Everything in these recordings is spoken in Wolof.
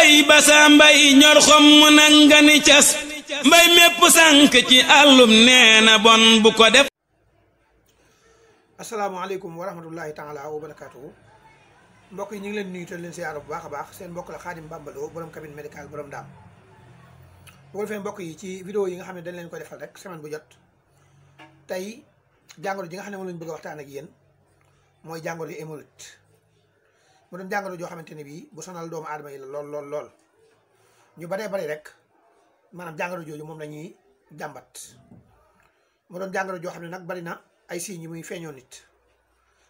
mbay basa mbay ñor xom mu nanga ni cas mbay mépp sànk ci àllum nee na bon bu ko def asalaamaaleykum wa rahmatullahi taala wa barakatuhu mbokk yi ñu ngi leen nuyu te leen siyaara bu baax a baax seen mbokk la xaadim bàmbaloo borom cabine médical borom daam bu ko mbokk yi ci vidéo yi nga xam ne dañ leen koy defal rek semaine bu jot tey jàngoro ji nga xam ne moom lañu bëgg a waxtaan ak yéen mooy jàngoro ji hémorroïde mu doon jàngoro joo xamante ne bii bu sanal doomu aadama yi la lool lool lool ñu baree bari rek maanaam jàngoro jooju moom lañuy jàmbat mu doon jàngoro joo xam ne nag bari na ay signes yi muy feeñoo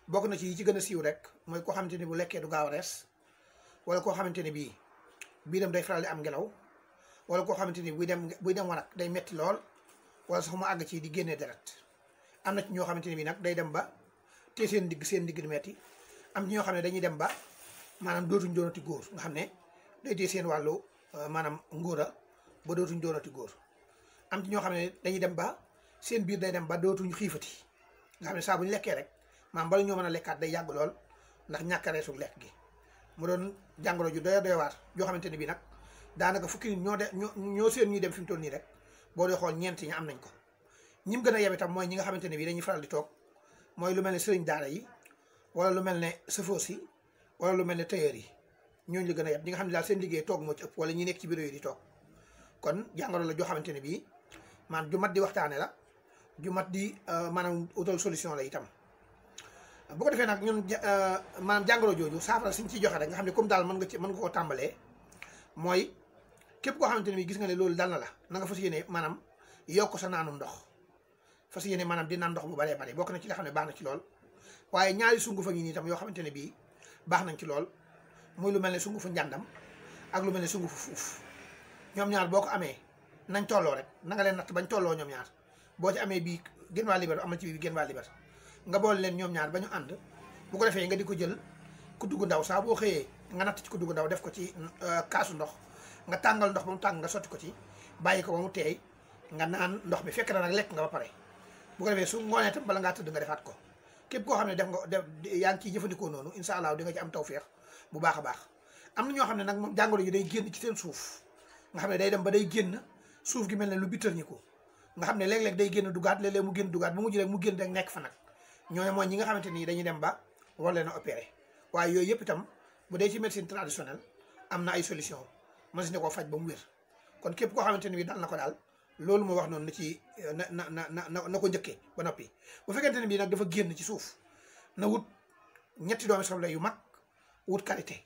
bokk na ci yi ci gën a siiw rek mooy koo xamante ne bu lekkee du gaaw a rees koo xamante ne bii biiram day faral di am ngelaw wala koo xamante ni buy dem buy dem day metti lool wala su mu àgg ci di génnee deret am na ci ñoo xamante ne bii nag day dem ba te seen digg seen digg di metti am ñoo xam ne dañuy dem ba maanaam dootuñ doonati góor nga xam ne seen wàllu euh, maanaam ngóora ba dootuñ doonati góor am ci ñoo xam ne dañuy dem ba seen biir day dem ba dootuñ xiifati nga xam ne saa bu lekkee rek maanaam bala ñoo mën a lekkaat day yàgg lool ndax ñàkk a reesu lekk gi mu doon jàngoro ju doy doy waar joo xamante ne bii nag daanaka fukki nit ñoo de ñoo seen ñuy dem fi mu toll nii rek boo dee xool ñeent ña am nañ ko ñi gën a yem itam mooy ñi nga xamante ne bii dañuy faral di toog mooy lu mel ne sëriñ daara yi wala lu mel ne chauffeur si wala lu mel ne tailleur yi ñooñu la gën a yab ñi nga xam ne daal seen liggéey toog moo ci ëpp wala ñi nekk ci bureau yi di toog kon jàngoro la joo xamante ne bii maanaam ju mat di waxtaane la ju mat di euh, maanaam utal solution la itam bu ko defee nag ñun euh, maanaam jàngoro jooju saafara suñ ciy joxe rek nga xam ne comme daal mën nga ci mën nga koo tàmbalee mooy képp koo xamante ne bii gis nga ne loolu dal na la na nga fas yéene maanaam yokk sa naanum ndox fas yéene maanaam di naan ndox bu baree bare bokk na ci nga xam ne baax na ci lool waaye ñaari sunguf a ngi nii tam yoo xamante ne bii baax nañ ci lool muy lu mel ne sungufu njàndam ak lu mel ne sungufu fuuf ñoom ñaar boo ko amee nañ tolloo rek na nga leen natt bañ tolloo ñoom ñaar boo ci amee bii gën waa libar amal ci bii gën waa libar nga boole leen ñoom ñaar ba ñu ànd bu ko defee nga di ko jël ku dugg ndaw saa boo xëyee nga natt ci ku dugg ndaw def ko ci euh, kaasu ndox nga tàngal ndox ba mu tàng nga sotti ko ci bàyyi ko ba mu teey nga naan ndox mi fekk na nag lekk nga ba pare bu ko defee su ngoonee tam bala ngaa tëdd nga defaat ko képp koo xam ne def nga def yaa ngi ciy jëfandikoo noonu incha allah di nga ci am tawféex bu baax a baax am na ñoo xam ne nag moom jàngoro ji day génn ci seen suuf nga xam ne day dem ba day génn suuf gi mel ne lu bittër ñi ko nga xam ne léeg day génn dugaat léeg-léeg mu génn dugaat bu mu jëlee mu génn rek nekk fa nag ñooñu mooy ñi nga xamante ni dañuy dem ba war leen a opéré waaye yooyu yëpp itam bu dee ci médecine traditionnelle am na ay solution mën ko faj ba mu wér kon képp koo xamante ni bi dal na ko daal loolu moo wax noonu na ci eh, na na na na na ko njëkkee ba noppi bu fekkente ne bii nag dafa génn ci suuf na wut ñetti doomi soble yu mag wut qualité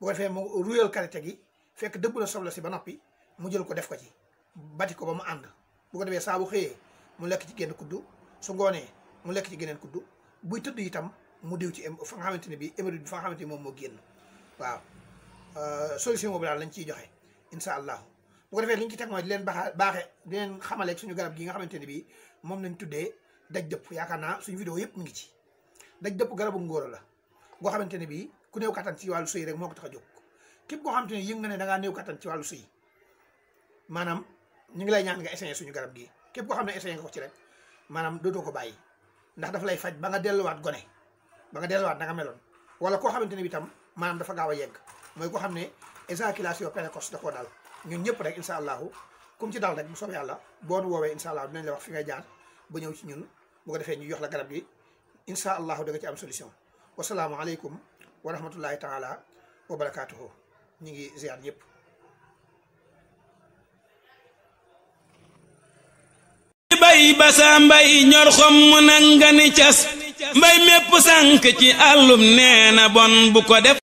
bu ko defee mu ruyal qualité gi fekk dëbb na soble si ba noppi mu jël ko def ko ci bati ko ba mu ànd bu ko defee saa bu xëyee mu lekk ci génn kuddu su ngoonee mu lekk ci geneen kuddu buy tëdd itam mu diw ci fa nga xamante ne bii éméride bi fa nga xamante ne moom moo génn waaw euh, solution boobu daal lañ ciy joxe incha allah bu ko defee li ci teg mooy di leen baaxa baaxe di leen xamaleeg suñu garab gi nga xamante ne bii moom lañ tuddee daj dëpp yaakaar naa suñu vidéo yëpp mu ngi ci daj dëpp garabu ngooro la goo xamante ne bii ku néew kattan ci wàllu sëy rek moo ko tax a jóg képp koo xamante ne yëg nga ne da ngaa néew kattan ci maanaam ñu ngi lay ñaan nga essayé suñu garab gi képp koo xam ne essayé nga ko ci rek maanaam dootoo ko bàyyi ndax dafa lay faj ba nga delluwaat gone ba nga delluwaat da nga meloon wala koo xamante ni bi tam maanaam dafa gaaw a yegg mooy koo xam ne éjaculation précoce da daal ñun ñëpp rek incha allahu kum ci daal rek bu soobee yàlla boo nu woowee incha allahu dinañ la wax fi ngay jaar ba ñëw ci ñun bu defee ñu yox la garab yi incha allahu da nga ci am solution. wasalaamaaleykum wa rahmatullahi taala wa ñu ngi ziar ñëpp. bay basa mbay ñor xom mu nangani cas mbay mépp sànk ci àllum nee bon bu ko def